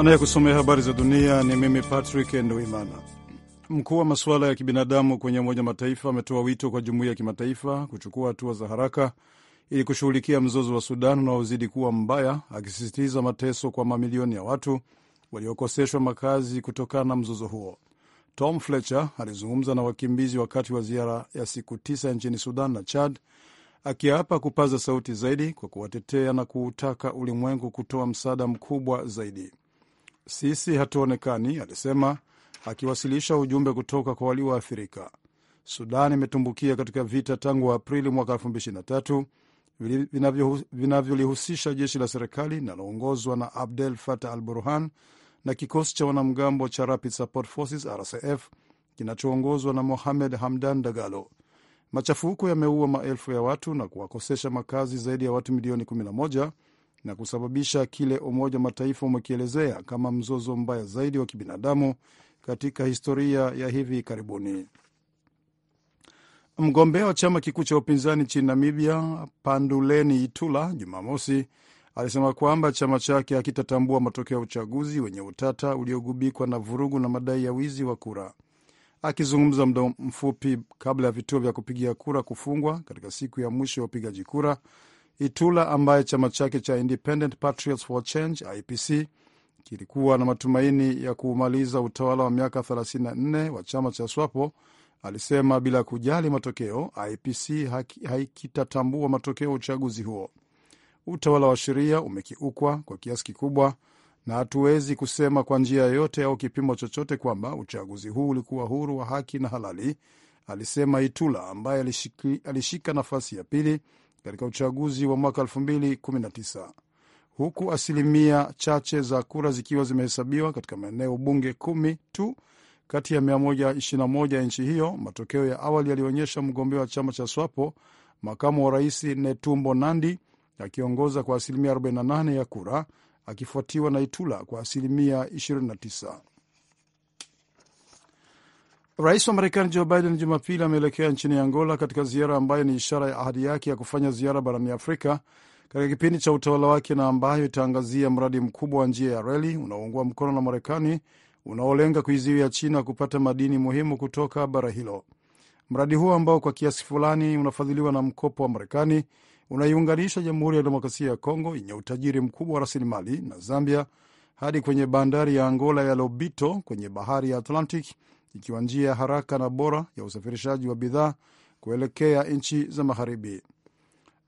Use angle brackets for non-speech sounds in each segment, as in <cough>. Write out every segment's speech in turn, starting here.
Anayekusomea habari za dunia ni mimi Patrick Nduimana. Mkuu wa masuala ya kibinadamu kwenye Umoja Mataifa ametoa wito kwa jumuiya ya kimataifa kuchukua hatua za haraka ili kushughulikia mzozo wa Sudan unaozidi kuwa mbaya, akisisitiza mateso kwa mamilioni ya watu waliokoseshwa makazi kutokana na mzozo huo. Tom Fletcher alizungumza na wakimbizi wakati wa ziara ya siku tisa nchini Sudan na Chad, akiapa kupaza sauti zaidi kwa kuwatetea na kuutaka ulimwengu kutoa msaada mkubwa zaidi. Sisi hatuonekani, alisema akiwasilisha ujumbe kutoka kwa walioathirika. Sudan imetumbukia katika vita tangu Aprili mwaka 2023 vinavyolihusisha jeshi la serikali linaloongozwa na Abdel Fatah al Burhan na kikosi cha wanamgambo cha Rapid Support Forces RSF kinachoongozwa na Mohamed Hamdan Dagalo. Machafuko yameua maelfu ya watu na kuwakosesha makazi zaidi ya watu milioni 11 na kusababisha kile Umoja wa Mataifa umekielezea kama mzozo mbaya zaidi wa kibinadamu katika historia ya hivi karibuni. Mgombea wa chama kikuu cha upinzani nchini Namibia, Panduleni Itula, Jumamosi alisema kwamba chama chake hakitatambua matokeo ya uchaguzi wenye utata uliogubikwa na vurugu na madai ya wizi wa kura. Akizungumza muda mfupi kabla ya vituo vya kupigia kura kufungwa katika siku ya mwisho ya upigaji kura, Itula ambaye chama chake cha Independent Patriots for Change IPC kilikuwa na matumaini ya kuumaliza utawala wa miaka 34 wa chama cha SWAPO alisema bila kujali matokeo, IPC haikitatambua matokeo ya uchaguzi huo. Utawala wa sheria umekiukwa kwa kiasi kikubwa, na hatuwezi kusema kwa njia yoyote au kipimo chochote kwamba uchaguzi huu ulikuwa huru wa haki na halali, alisema Itula ambaye alishika nafasi ya pili katika uchaguzi wa mwaka 2019 huku asilimia chache za kura zikiwa zimehesabiwa katika maeneo bunge kumi tu kati ya 121 ya nchi hiyo. Matokeo ya awali yalionyesha mgombea wa chama cha SWAPO makamu wa rais Netumbo Nandi akiongoza kwa asilimia 48 ya kura akifuatiwa na Itula kwa asilimia 29. Rais wa Marekani Joe Biden Jumapili ameelekea nchini Angola katika ziara ambayo ni ishara ya ahadi yake ya kufanya ziara barani Afrika katika kipindi cha utawala wake na ambayo itaangazia mradi mkubwa wa njia ya reli unaoungwa mkono na Marekani unaolenga kuizuia China kupata madini muhimu kutoka bara hilo. Mradi huo ambao kwa kiasi fulani unafadhiliwa na mkopo wa Marekani unaiunganisha Jamhuri ya Demokrasia ya Kongo yenye utajiri mkubwa wa rasilimali na Zambia hadi kwenye bandari ya Angola ya Lobito kwenye bahari ya Atlantic ikiwa njia ya haraka na bora ya usafirishaji wa bidhaa kuelekea nchi za magharibi.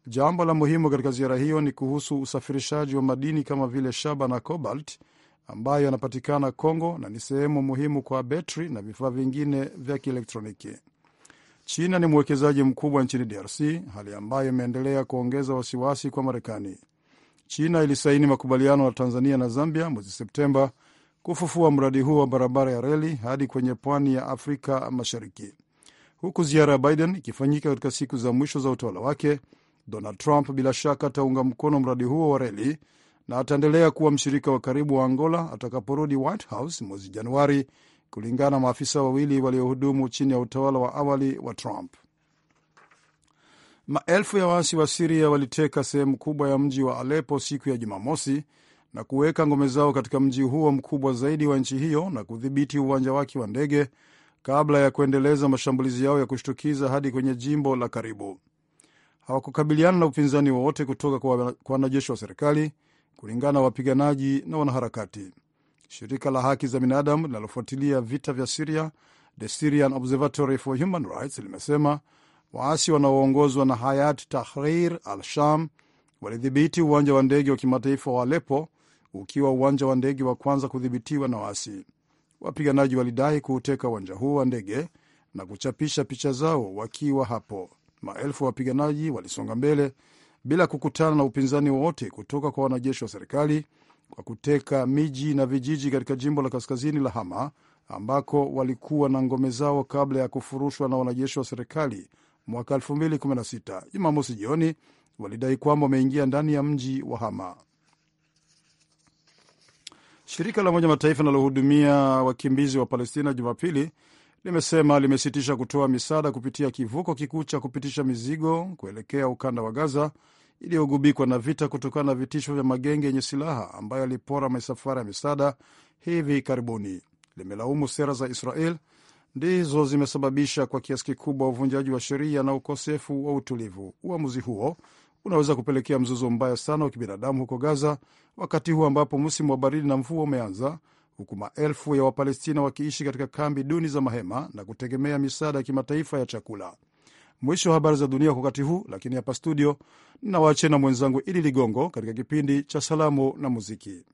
Jambo la muhimu katika ziara hiyo ni kuhusu usafirishaji wa madini kama vile shaba na cobalt ambayo yanapatikana Kongo na ni sehemu muhimu kwa betri na vifaa vingine vya kielektroniki. China ni mwekezaji mkubwa nchini DRC, hali ambayo imeendelea kuongeza wasiwasi kwa Marekani. China ilisaini makubaliano na Tanzania na Zambia mwezi Septemba kufufua mradi huo wa barabara ya reli hadi kwenye pwani ya Afrika Mashariki. Huku ziara ya Biden ikifanyika katika siku za mwisho za utawala wake, Donald Trump bila shaka ataunga mkono mradi huo wa reli na ataendelea kuwa mshirika wa karibu wa Angola atakaporudi White House mwezi Januari, kulingana na maafisa wawili waliohudumu chini ya utawala wa awali wa Trump. Maelfu ya waasi wa Siria waliteka sehemu kubwa ya mji wa Alepo siku ya Jumamosi na kuweka ngome zao katika mji huo mkubwa zaidi wa nchi hiyo na kudhibiti uwanja wake wa ndege kabla ya kuendeleza mashambulizi yao ya kushtukiza hadi kwenye jimbo la karibu. Hawakukabiliana na upinzani wowote kutoka kwa wanajeshi wa serikali, kulingana na wapiganaji na wanaharakati. Shirika la haki za binadamu linalofuatilia vita vya Siria, The Syrian Observatory for Human Rights, limesema waasi wanaoongozwa na Hayat Tahrir al Sham walidhibiti uwanja wa ndege wa kimataifa wa Alepo ukiwa uwanja wa ndege wa kwanza kudhibitiwa na waasi. Wapiganaji walidai kuuteka uwanja huo wa ndege na kuchapisha picha zao wakiwa hapo. Maelfu ya wapiganaji walisonga mbele bila kukutana na upinzani wowote kutoka kwa wanajeshi wa serikali kwa kuteka miji na vijiji katika jimbo la kaskazini la Hama ambako walikuwa na ngome zao kabla ya kufurushwa na wanajeshi wa serikali mwaka 2016. Jumamosi jioni walidai kwamba wameingia ndani ya mji wa Hama. Shirika la Umoja Mataifa linalohudumia wakimbizi wa Palestina Jumapili limesema limesitisha kutoa misaada kupitia kivuko kikuu cha kupitisha mizigo kuelekea ukanda wa Gaza iliyogubikwa na vita kutokana na vitisho vya magenge yenye silaha ambayo yalipora misafara ya misaada hivi karibuni. Limelaumu sera za Israel ndizo zimesababisha kwa kiasi kikubwa uvunjaji wa sheria na ukosefu wa utulivu. Uamuzi huo unaweza kupelekea mzozo mbaya sana wa kibinadamu huko Gaza, wakati huu ambapo msimu wa baridi na mvua umeanza, huku maelfu ya Wapalestina wakiishi katika kambi duni za mahema na kutegemea misaada ya kimataifa ya chakula. Mwisho wa habari za dunia kwa wakati huu, lakini hapa studio ninawaache na mwenzangu Idi Ligongo katika kipindi cha salamu na muziki.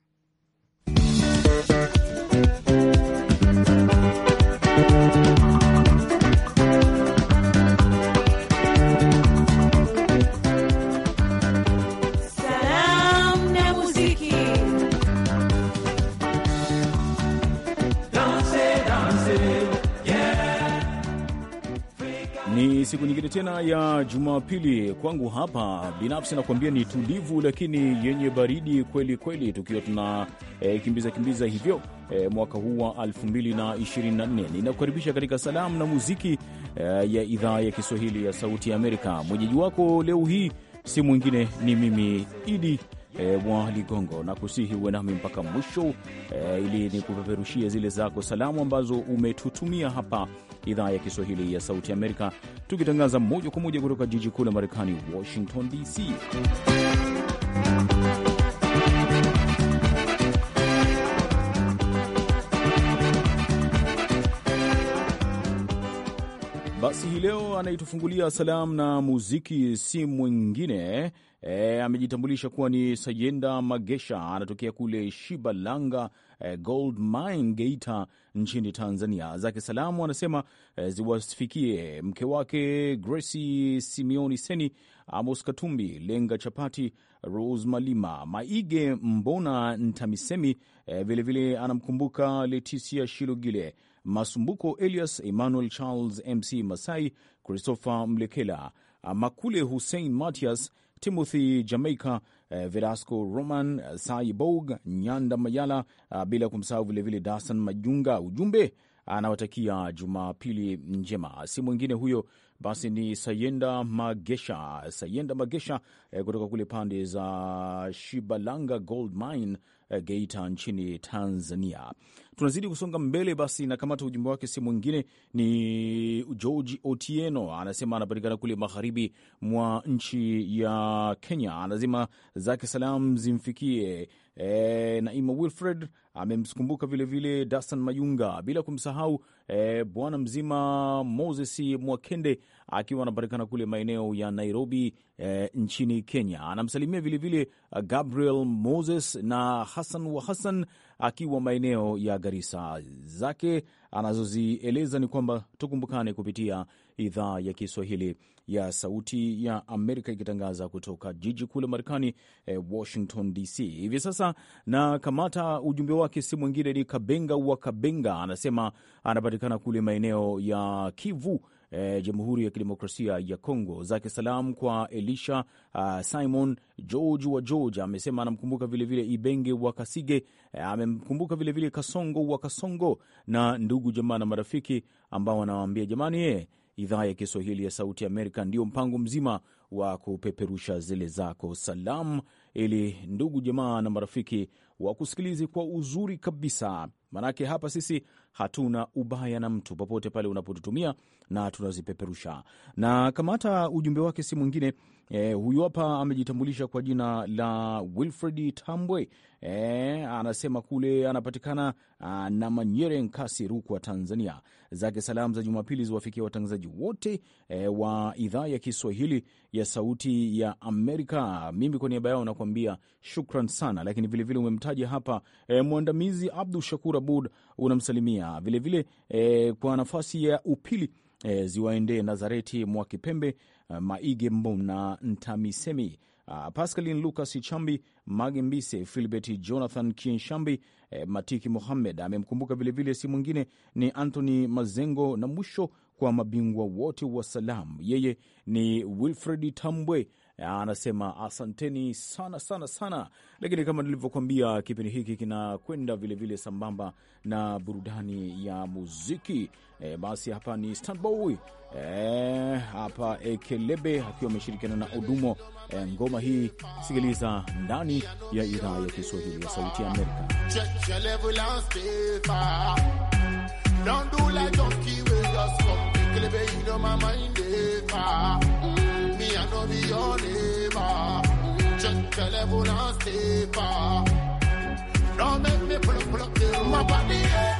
siku nyingine tena ya Jumapili. Kwangu hapa binafsi nakuambia ni tulivu, lakini yenye baridi kweli kweli, tukiwa tuna e, eh, kimbiza kimbiza hivyo e, mwaka huu wa 2024. Ninakukaribisha katika salamu na muziki e, ya idhaa ya Kiswahili ya Sauti ya Amerika. Mwenyeji wako leo hii si mwingine ni mimi Idi E, mwa Ligongo na kusihi uwe nami mpaka mwisho e, ili nikupeperushie zile zako salamu ambazo umetutumia hapa idhaa ya Kiswahili ya Sauti Amerika, tukitangaza moja kwa moja kutoka jiji kuu la Marekani, Washington DC. Basi hii leo anaitufungulia salamu na muziki si mwingine e, amejitambulisha kuwa ni Sayenda Magesha, anatokea kule Shibalanga e, Gold Mine Geita nchini Tanzania. Zake salamu anasema e, ziwasifikie mke wake Gracie simeoni Seni, Amos Katumbi, Lenga Chapati, Rose Malima, Maige Mbona Ntamisemi. Vilevile e, vile anamkumbuka Letisia Shilogile Masumbuko Elias, Emmanuel Charles, MC Masai, Christopher Mlekela, uh, Makule Hussein Matias, Timothy Jamaica, uh, Verasco Roman, uh, Saibog Nyanda Mayala, bila kumsahau vilevile Dasan Majunga. Ujumbe anawatakia Jumapili njema. Si mwingine huyo basi ni Sayenda Magesha, Sayenda Magesha eh, kutoka kule pande za Shibalanga Gold Mine eh, Geita nchini Tanzania. Tunazidi kusonga mbele basi, na kamata ujumbe wake si mwingine, ni George Otieno, anasema anapatikana kule magharibi mwa nchi ya Kenya, anazima zake salam zimfikie e, Naima Wilfred amemkumbuka vilevile Dastan Mayunga, bila kumsahau e, bwana mzima Moses Mwakende akiwa anapatikana kule maeneo ya Nairobi e, nchini Kenya. Anamsalimia vilevile Gabriel Moses na Hassan wa Hassan akiwa maeneo ya Garissa. Zake anazozieleza ni kwamba tukumbukane kupitia idhaa ya Kiswahili ya Sauti ya Amerika ikitangaza kutoka jiji kuu la Marekani, eh, Washington DC hivi sasa. Na kamata ujumbe wake, si mwingine ni Kabenga wa Kabenga, anasema anapatikana kule maeneo ya Kivu E, Jamhuri ya Kidemokrasia ya Kongo. Zake salam kwa Elisha uh, Simon George wa George amesema anamkumbuka vilevile Ibenge wa Kasige, e, amemkumbuka vilevile Kasongo wa Kasongo na ndugu jamaa na marafiki ambao anawaambia jamani, e, idhaa ya Kiswahili ya Sauti Amerika ndio mpango mzima wa kupeperusha zile zako salamu, ili ndugu jamaa na marafiki wakusikilizi kwa uzuri kabisa, manake hapa sisi hatuna ubaya na mtu popote pale unapotutumia, na tunazipeperusha. Na kamata ujumbe wake si mwingine E, huyu hapa amejitambulisha kwa jina la Wilfred Tambwe. E, anasema kule anapatikana a, ah, na Manyere Nkasi, Rukwa, Tanzania. Zake salamu za Jumapili ziwafikia watangazaji wote e, wa idhaa ya Kiswahili ya Sauti ya Amerika. Mimi kwa niaba yao nakuambia shukran sana, lakini vilevile umemtaja hapa e, mwandamizi Abdu Shakur Abud unamsalimia vilevile vile, e, kwa nafasi ya upili e, ziwaendee Nazareti mwa Kipembe Eh, Maige Mbona, Ntamisemi, ah, Pascalin Lucas Chambi, Mage Mbise, Filbert Jonathan Kinshambi, eh, Matiki Mohammed amemkumbuka vilevile, si mwingine ni Anthony Mazengo, na mwisho kwa mabingwa wote wa salamu, yeye ni Wilfred Tambwe anasema asanteni sana sana sana. Lakini kama nilivyokuambia, kipindi hiki kinakwenda vilevile sambamba na burudani ya muziki. E, basi hapa ni Stanboy e, hapa Ekelebe akiwa ameshirikiana na Odumo e, ngoma hii sikiliza ndani ya idhaa ya Kiswahili ya Sauti ya Amerika. vie en Eva. Je ne vous lancez pas. Don't make me pluck pluck you. My body, eh.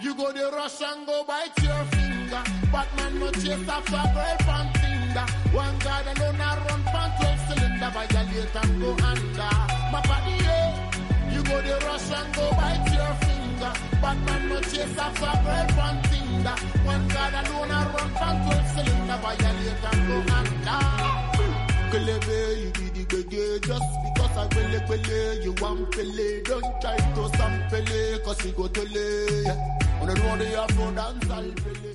you go the rush and go bite your finger. Batman no chase after girl from Tinder. One guy alone I run from 12 cylinder. Violate and go under. My body, eh. you go the rush and go bite your finger. Batman no chase after girl from Tinder. One guy alone I run from 12 cylinder. Violate and go under. Kelebe, you be the gege. Just because I bele bele, you want pele. Don't try to pele, cause you go tele. On the road, you have no dance, I'll pele.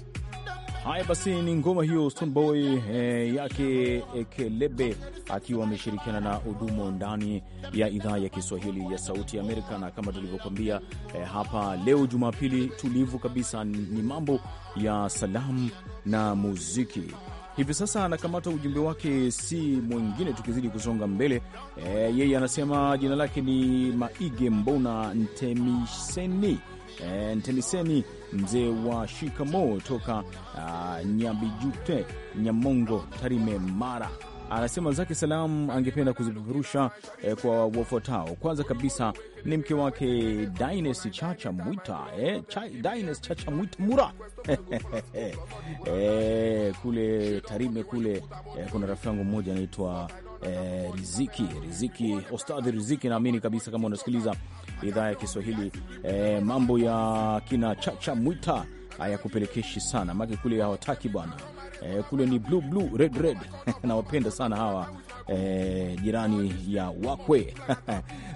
Haya basi, ni ngoma hiyo Stone Boy eh, yake Ekelebe eh, akiwa ameshirikiana na Udumo ndani ya idhaa ya Kiswahili ya Sauti ya Amerika. Na kama tulivyokuambia eh, hapa leo Jumapili tulivu kabisa, ni mambo ya salamu na muziki hivi sasa anakamata ujumbe wake, si mwingine tukizidi kusonga mbele. E, yeye anasema jina lake ni Maige Mbona Ntemiseni, e, Ntemiseni mzee wa shikamo toka Nyabijute Nyamongo Tarime Mara anasema zake salamu angependa kuzipeperusha eh, kwa wafuatao. Kwanza kabisa ni mke wake Dines Chacha Mwita eh, Ch Dines Chacha Mwita Mura <laughs> eh, kule Tarime kule eh, kuna rafiki yangu mmoja anaitwa eh, Riziki Riziki Ostadhi Riziki, naamini kabisa kama unasikiliza idhaa ya Kiswahili eh, mambo ya kina Chacha Mwita hayakupelekeshi sana, make kule hawataki bwana eh, kule ni blue blue red red <laughs> nawapenda sana hawa eh, jirani ya wakwe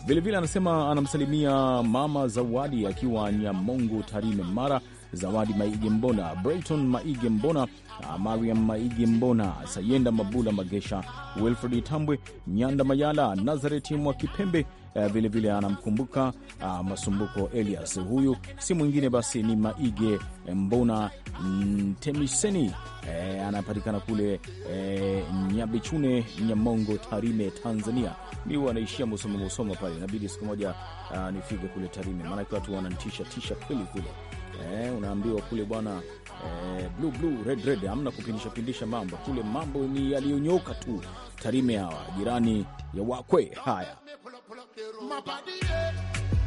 vilevile <laughs> anasema anamsalimia mama Zawadi akiwa Nyamongo, Tarime, Mara, Zawadi Maige Mbona, Brayton Maige Mbona, ah, Mariam Maige Mbona, Sayenda Mabula Magesha, Wilfred Tambwe, Nyanda Mayala, Nazareti Mwa Kipembe. Vilevile eh, vile anamkumbuka ah, Masumbuko Elias. Huyu si mwingine basi ni Maige Mbona Temiseni e, eh, anapatikana kule e, Nyabichune, Nyamongo, Tarime, Tanzania. Mi wanaishia Musoma, Musoma pale, inabidi siku moja ah, nifike kule Tarime, maanake watu wanantisha tisha kweli kule e, unaambiwa kule bwana e, blue, blue, red, red, kupindisha pindisha mambo kule, mambo ni yaliyonyoka tu. Tarime hawa jirani ya wakwe haya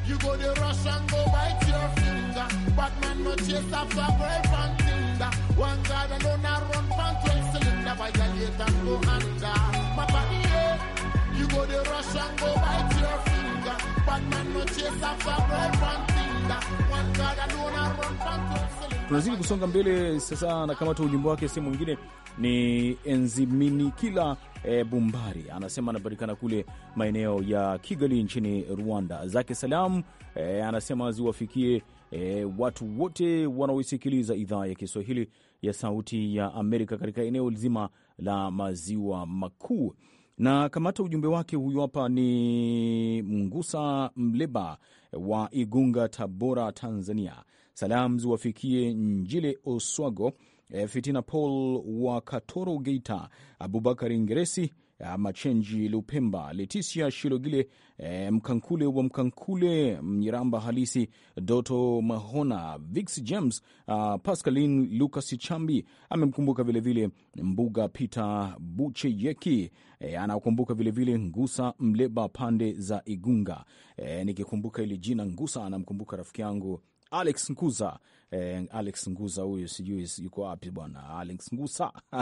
You go the rush and go bite your finger. But man no chase after brave and tinder. One God alone I run from 12 cylinder. By the Violate and go under. My body, yeah. You go the rush and go bite your finger. But man no chase after brave and tinder. One God alone I run from 12 cylinder. Tunazidi kusonga mbele sasa, na kama tu ujumbe wake si mwingine ni enzi mini kila e, Bumbari anasema anapatikana kule maeneo ya Kigali nchini Rwanda. Zake salamu e, anasema ziwafikie e, watu wote wanaoisikiliza idhaa ya Kiswahili ya Sauti ya Amerika katika eneo zima la Maziwa Makuu na kamata ujumbe wake. Huyu hapa ni Mngusa Mleba wa Igunga, Tabora, Tanzania. Salamu ziwafikie Njile Oswago Eh, Fitina Paul wa Katoro Geita, abubakar Ingresi eh, Machenji Lupemba, Leticia Shilogile, eh, Mkankule wa Mkankule, Mnyiramba Halisi, Doto Mahona, Vix James, ah, Pascalin Lucas Chambi amemkumbuka vilevile Mbuga Peter Bucheyeki, e, anakumbuka vilevile Ngusa Mleba pande za Igunga. E, nikikumbuka ili jina Ngusa anamkumbuka rafiki yangu Alex Nguza eh, Alex Nguza huyu sijui yuko wapi bwana Alex Ngusa <laughs>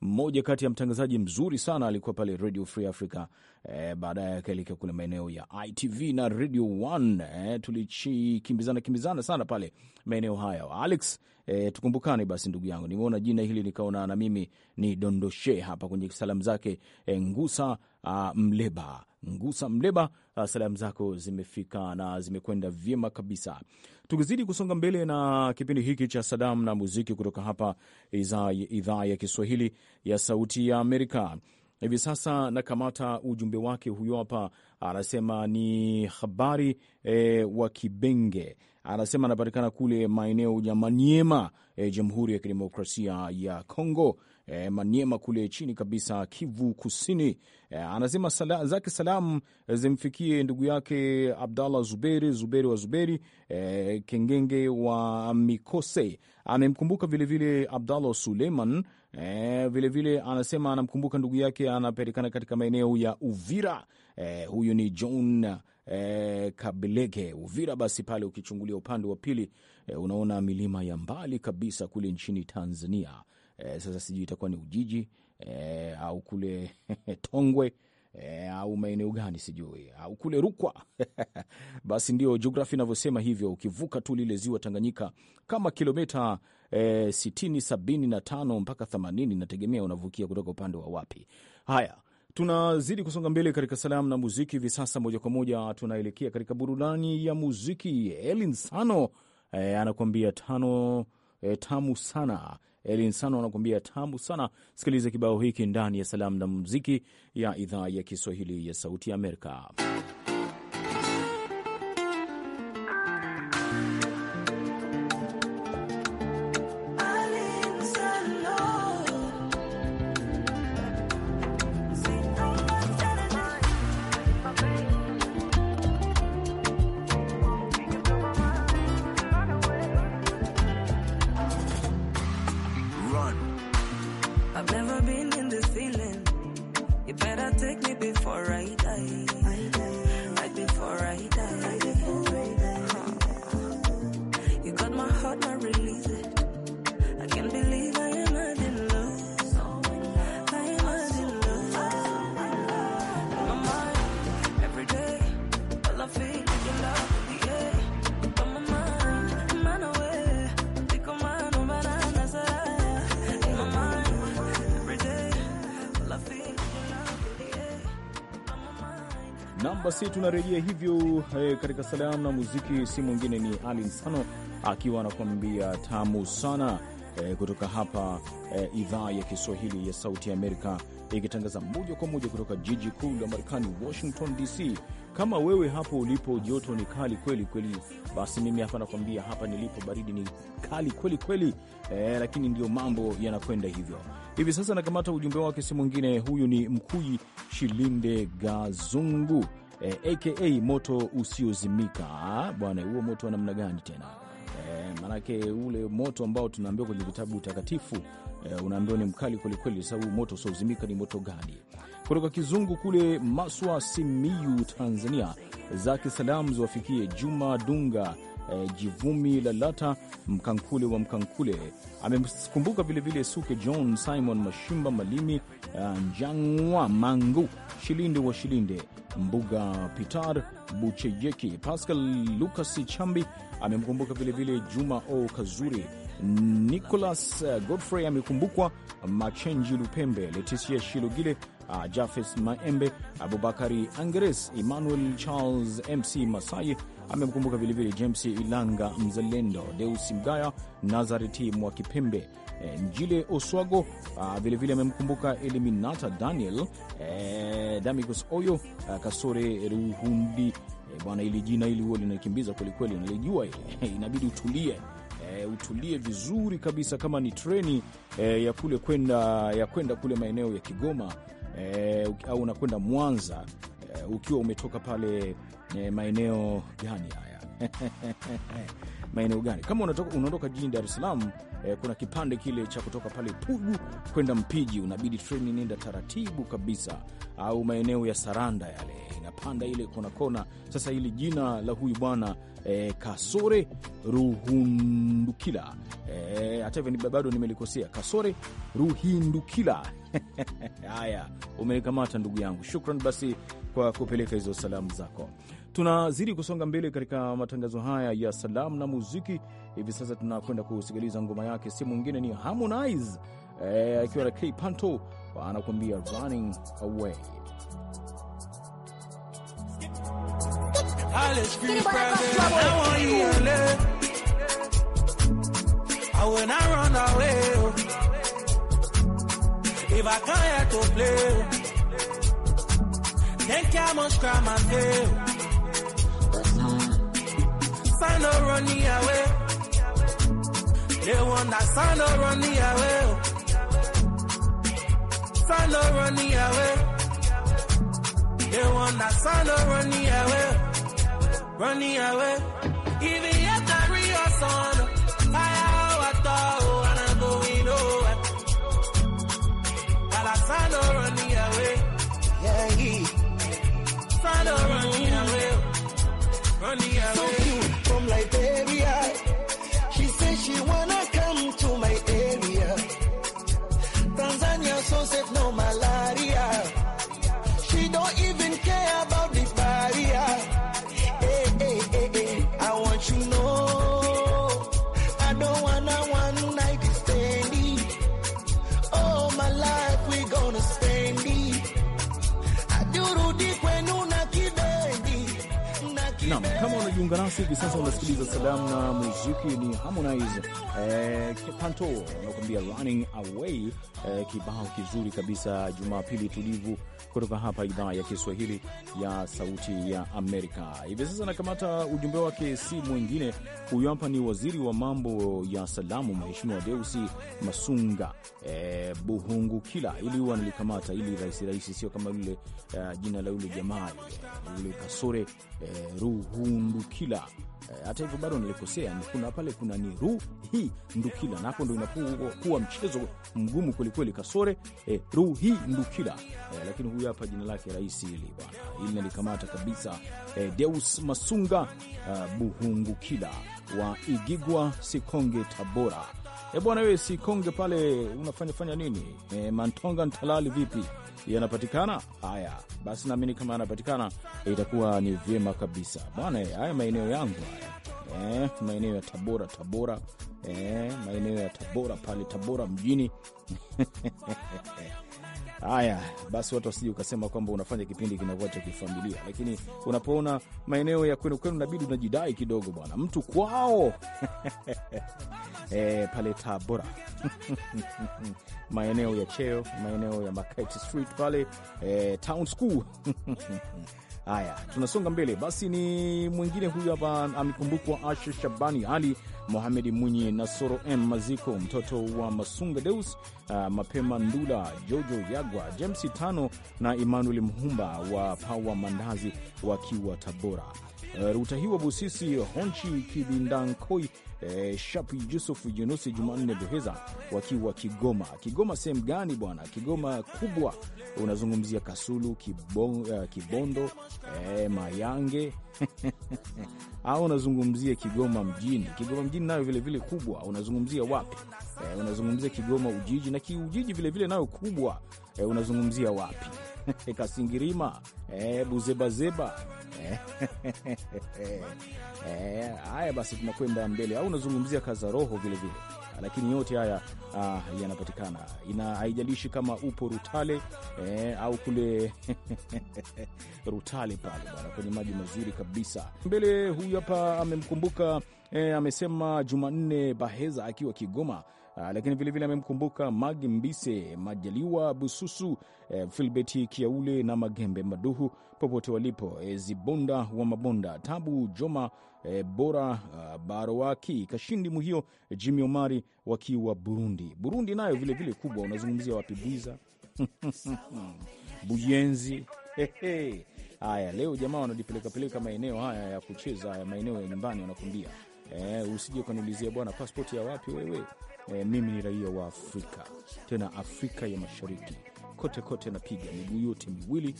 mmoja kati ya mtangazaji mzuri sana alikuwa pale Radio Free Africa eh, baadaye akaelekea kule maeneo ya ITV na Radio One eh, kimbizana sana pale maeneo hayo. Alex E, tukumbukane basi ndugu yangu, nimeona jina hili nikaona na mimi ni dondoshe hapa kwenye salamu zake e, Ngusa a, Mleba Ngusa Mleba, salamu zako zimefika na zimekwenda vyema kabisa. Tukizidi kusonga mbele na kipindi hiki cha salamu na muziki kutoka hapa idhaa ya Kiswahili ya Sauti ya Amerika, hivi sasa nakamata ujumbe wake, huyo hapa anasema ni habari e, wa Kibenge anasema anapatikana kule maeneo ya Maniema e, Jamhuri ya Kidemokrasia ya Kongo e, Maniema kule chini kabisa Kivu Kusini. E, anasema sala, zake salamu eh, zimfikie ndugu yake Abdallah Zuberi Zuberi wa Zuberi e, Kengenge wa Mikose amemkumbuka vilevile Abdallah Suleiman vilevile vile, anasema anamkumbuka ndugu yake anapatikana katika maeneo ya Uvira. E, huyu ni John e, Kablege Uvira. Basi pale ukichungulia upande wa pili e, unaona milima ya mbali kabisa kule nchini Tanzania e, sasa sijui itakuwa ni Ujiji e, au kule <laughs> Tongwe e, au maeneo gani sijui au kule Rukwa <laughs> basi ndio jiografia inavyosema hivyo. Ukivuka tu lile ziwa Tanganyika kama kilomita e, sitini sabini na tano mpaka themanini nategemea unavukia kutoka upande wa wapi. Haya, tunazidi kusonga mbele katika salamu na muziki. Hivi sasa moja kwa moja tunaelekea katika burudani ya muziki. Elin Sano e, anakuambia tano e, tamu sana Elinsano anakuambia tamu sana. Sikiliza kibao hiki ndani ya salamu na muziki ya idhaa ya Kiswahili ya Sauti ya Amerika. basi tunarejea hivyo eh, katika salamu na muziki. Si mwingine ni Ali Msano akiwa anakuambia tamu sana eh, kutoka hapa eh, idhaa ya Kiswahili ya Sauti ya Amerika ikitangaza eh, moja kwa moja kutoka jiji kuu la Marekani, Washington DC. Kama wewe hapo ulipo joto ni kali kweli kweli, basi mimi hapa nakwambia hapa nilipo baridi ni kali kweli kweli eh, lakini ndiyo mambo yanakwenda hivyo. Hivi sasa nakamata ujumbe wake, si mwingine huyu ni Mkuyi Shilinde Gazungu eh, aka moto usiozimika. Bwana, huo moto wa namna gani tena? Eh, maanake ule moto ambao tunaambiwa kwenye vitabu takatifu eh, unaambiwa ni mkali kwelikweli. Sasa huu moto usiozimika ni moto gani? Kutoka Kizungu kule Maswa, Simiyu, Tanzania, zake salamu ziwafikie Juma Dunga eh, Jivumi Lalata Mkankule wa Mkankule. Amemkumbuka vilevile Suke John Simon Mashimba Malimi, eh, Njangwa Mangu Shilinde wa Shilinde Mbuga Pitar Bucheyeki. Pascal Lucas Chambi amemkumbuka vilevile Juma O Kazuri Nicolas eh, Godfrey amekumbukwa, Machenji Lupembe, letisia Shilogile, eh, Jafes Maembe, Abubakari angres Emmanuel Charles, MC Masai, amemkumbuka vilevile James Ilanga Mzalendo, Deus Mgaya, Nazareti mwa Kipembe, e, eh, Njile Oswago. Ah, vilevile amemkumbuka Eliminata Daniel, e, eh, Damicus Oyo, ah, Kasore Ruhundi. E, bwana, ili jina hili huo linakimbiza kwelikweli, nalijua <laughs> inabidi utulie E, utulie vizuri kabisa kama ni treni e, ya kule kwenda ya kwenda kule maeneo ya Kigoma e, au unakwenda Mwanza ukiwa umetoka pale eh, maeneo gani haya? <laughs> maeneo gani. Kama unaondoka jijini Dar es Salaam eh, kuna kipande kile cha kutoka pale Pugu kwenda Mpiji, unabidi treni inaenda taratibu kabisa, au maeneo ya Saranda yale inapanda ile kona kona. Sasa hili jina la huyu bwana eh, Kasore Ruhundukila eh, hata eh, hivyo bado nimelikosea, Kasore Ruhindukila. <laughs> Haya, umelikamata ndugu yangu, shukran basi kwa kupeleka hizo salamu zako. Tunazidi kusonga mbele katika matangazo haya ya salamu na muziki. Hivi sasa tunakwenda kusikiliza ngoma yake, si mwingine ni Harmonize akiwa na K Panto, anakuambia running away. I no run the away. They want that sign no run the away. Sign no run the away. They want that sign no run the away. Run the away. Even yet I real son. Fire I thought I'm going over. But I sign no run the away. Yeah, he. don't run the away. Run the away. Nam, kama unajiunga nasi hivi sasa, unasikiliza salamu na muziki. Ni Harmonize eh, Panto anakuambia running away eh, kibao kizuri kabisa, Jumapili tulivu kutoka hapa idhaa ya Kiswahili ya Sauti ya Amerika. Hivi sasa nakamata ujumbe wake, si mwingine huyu hapa, ni waziri wa mambo ya salamu, Mheshimiwa Deusi Masunga e, kila Ili huwa nalikamata ili rahisi rahisi, sio kama yule uh, jina la yule jamaa yule Kasore e, Ruhundu kila e, hata hivyo bado nilikosea, kuna pale kuna ni ru hi ndukila, na hapo ndo inakuwa mchezo mgumu kwelikweli. Kasore eh, ru hi ndukila eh, lakini huyu hapa jina lake rais hili bwana hili nalikamata kabisa eh, Deus Masunga uh, Buhungukila wa Igigwa Sikonge Tabora. E bwana wewe Sikonge pale unafanyafanya nini? E, Mantonga Ntalali vipi yanapatikana haya? Basi naamini kama yanapatikana e, itakuwa ni vyema kabisa bwana. Haya maeneo yangu haya e, maeneo ya Tabora Tabora e, maeneo ya Tabora pale Tabora mjini <laughs> Haya basi, watu wasije ukasema kwamba unafanya kipindi kinakuwa cha kifamilia, lakini unapoona maeneo ya kwenu kwenu, nabidi unajidai kidogo bwana, mtu kwao <laughs> e, pale Tabora <laughs> maeneo ya cheo, maeneo ya Market Street pale e, Town School <laughs> Haya, tunasonga mbele basi. Ni mwingine huyu hapa, amekumbukwa Asha Shabani Ali Mohamedi Mwinyi Nasoro M Maziko, mtoto wa Masunga Deus, uh, Mapema Ndula, Jojo Yagwa, James Tano na Emmanuel Mhumba wa Pawa Mandazi wakiwa Tabora, uh, Rutahiwa Busisi, Honchi Kibindankoi eh, Shapu Yusufu Yunusi Jumanne Buheza wakiwa Kigoma. Kigoma sehemu gani bwana? Kigoma kubwa, unazungumzia Kasulu, Kibon, uh, eh, Kibondo, eh, Mayange <laughs> au unazungumzia Kigoma mjini? Kigoma mjini nayo vilevile kubwa, unazungumzia wapi? Eh, unazungumzia Kigoma Ujiji na Kiujiji vilevile nayo kubwa, eh, unazungumzia wapi? <laughs> Kasingirima, e, eh, Buzebazeba. Eh, <laughs> eh, haya, e, basi tunakwenda mbele, au unazungumzia kaza roho vilevile, lakini yote haya ah, yanapatikana ina haijalishi kama upo Rutale e, au kule <laughs> Rutale pale bana, kwenye maji mazuri kabisa. Mbele huyu hapa amemkumbuka e, amesema Jumanne Baheza akiwa Kigoma Ah, lakini vilevile amemkumbuka Magi Mbise, Majaliwa Bususu, e, eh, Filbeti Kiaule na Magembe Maduhu popote walipo, e, Zibonda wa Mabonda, Tabu Joma, e, Bora ah, Barowaki, Kashindi Muhio, Jimi Omari wakiwa Burundi. Burundi nayo vilevile kubwa, unazungumzia wapi? Bwiza <laughs> Buyenzi. haya leo jamaa wanajipelekapeleka maeneo haya ya kucheza, maeneo ya nyumbani, wanakumbia e, usije ukaniulizia bwana pasipoti ya wapi wewe. E, mimi ni raia wa Afrika, tena Afrika ya Mashariki kote kote, napiga miguu yote miwili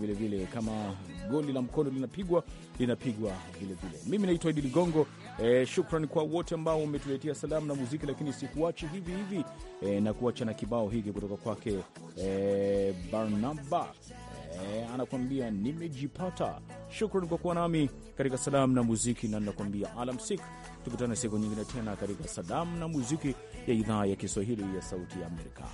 vilevile. Eh, vile kama goli la mkono linapigwa linapigwa vilevile. Mimi naitwa Idi Ligongo. E, eh, shukran kwa wote ambao umetuletea salamu na muziki, lakini sikuachi hivi hivi e, na kuacha na kibao hiki kutoka kwake e, Barnaba e, anakuambia nimejipata. Shukran kwa kuwa nami katika salamu na muziki, na ninakuambia alamsik, tukutane siku nyingine tena katika salamu na muziki ya idhaa ya Kiswahili ya Sauti ya Amerika.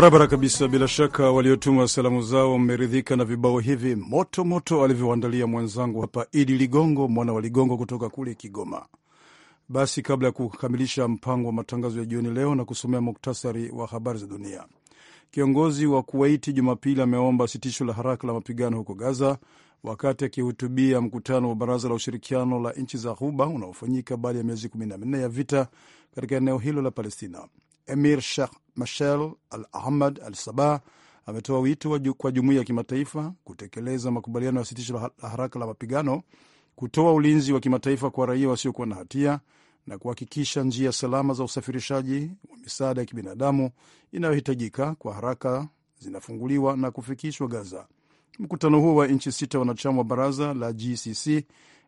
Barabara kabisa. Bila shaka waliotuma salamu zao mmeridhika na vibao hivi moto moto alivyoandalia mwenzangu hapa Idi Ligongo, mwana wa Ligongo kutoka kule Kigoma. Basi kabla ya kukamilisha mpango wa matangazo ya jioni leo na kusomea muktasari wa habari za dunia, kiongozi wa Kuwaiti Jumapili ameomba sitisho la haraka la mapigano huko Gaza wakati akihutubia mkutano wa Baraza la Ushirikiano la Nchi za Ghuba unaofanyika baada ya miezi 1 ya vita katika eneo hilo la Palestina. Emir Sheikh Mashel Al Ahmad Al Sabah ametoa wito kwa jumuiya ya kimataifa kutekeleza makubaliano ya sitisho la haraka la mapigano, kutoa ulinzi wa kimataifa kwa raia wasiokuwa na hatia na kuhakikisha njia salama za usafirishaji wa misaada ya kibinadamu inayohitajika kwa haraka zinafunguliwa na kufikishwa Gaza. Mkutano huo wa nchi sita wanachama wa baraza la GCC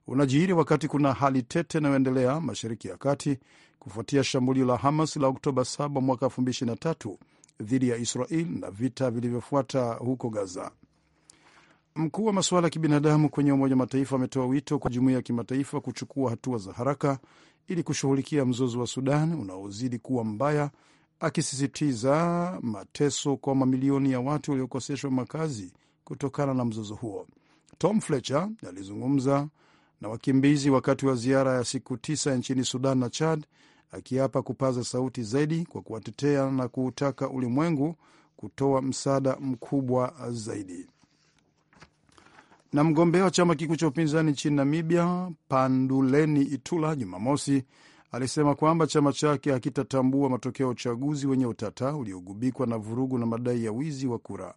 unajiri wakati kuna hali tete inayoendelea Mashariki ya Kati kufuatia shambulio la Hamas la Oktoba 7 mwaka 2023 dhidi ya Israel na vita vilivyofuata huko Gaza. Mkuu wa masuala ya kibinadamu kwenye Umoja wa Mataifa ametoa wito kwa jumuiya ya kimataifa kuchukua hatua za haraka ili kushughulikia mzozo wa Sudan unaozidi kuwa mbaya, akisisitiza mateso kwa mamilioni ya watu waliokoseshwa makazi kutokana na mzozo huo. Tom Fletcher alizungumza na wakimbizi wakati wa ziara ya siku tisa nchini Sudan na Chad akiapa kupaza sauti zaidi kwa kuwatetea na kuutaka ulimwengu kutoa msaada mkubwa zaidi. Na mgombea wa chama kikuu cha upinzani nchini Namibia, Panduleni Itula, Jumamosi alisema kwamba chama chake hakitatambua matokeo ya uchaguzi wenye utata uliogubikwa na vurugu na madai ya wizi wa kura.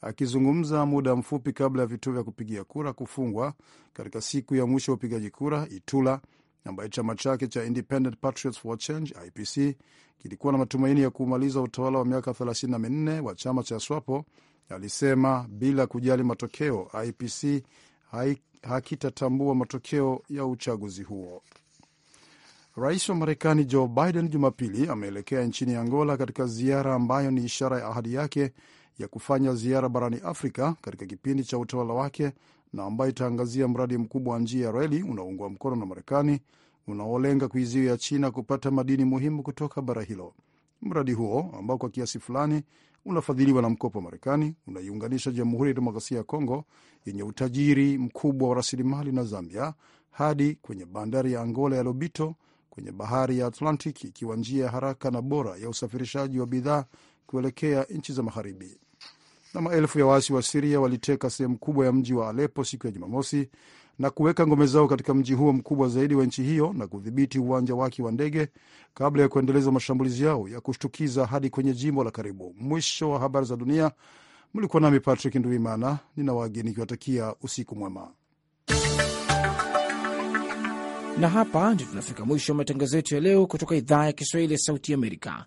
Akizungumza muda mfupi kabla ya vituo vya kupigia kura kufungwa katika siku ya mwisho wa upigaji kura, Itula ambaye chama chake cha Independent Patriots for Change IPC kilikuwa na matumaini ya kumaliza utawala wa miaka 34 wa chama cha SWAPO, alisema bila kujali matokeo, IPC hakitatambua matokeo ya uchaguzi huo. Rais wa Marekani Joe Biden Jumapili ameelekea nchini Angola katika ziara ambayo ni ishara ya ahadi yake ya kufanya ziara barani Afrika katika kipindi cha utawala wake na ambayo itaangazia mradi mkubwa wa njia ya reli unaoungwa mkono na Marekani unaolenga kuizuia China kupata madini muhimu kutoka bara hilo. Mradi huo ambao kwa kiasi fulani unafadhiliwa na mkopo wa Marekani unaiunganisha Jamhuri ya Demokrasia ya Kongo yenye utajiri mkubwa wa rasilimali na Zambia hadi kwenye bandari ya Angola ya Lobito kwenye bahari ya Atlantic, ikiwa njia ya haraka na bora ya usafirishaji wa bidhaa kuelekea nchi za magharibi na maelfu ya waasi wa Siria waliteka sehemu kubwa ya mji wa Alepo siku ya Jumamosi na kuweka ngome zao katika mji huo mkubwa zaidi wa nchi hiyo na kudhibiti uwanja wake wa ndege kabla ya kuendeleza mashambulizi yao ya kushtukiza hadi kwenye jimbo la karibu. Mwisho wa habari za dunia. Mlikuwa nami Patrick Nduimana, nina wageni nikiwatakia usiku mwema. Na hapa ndio tunafika mwisho wa matangazo yetu ya leo kutoka idhaa ya Kiswahili ya Sauti Amerika.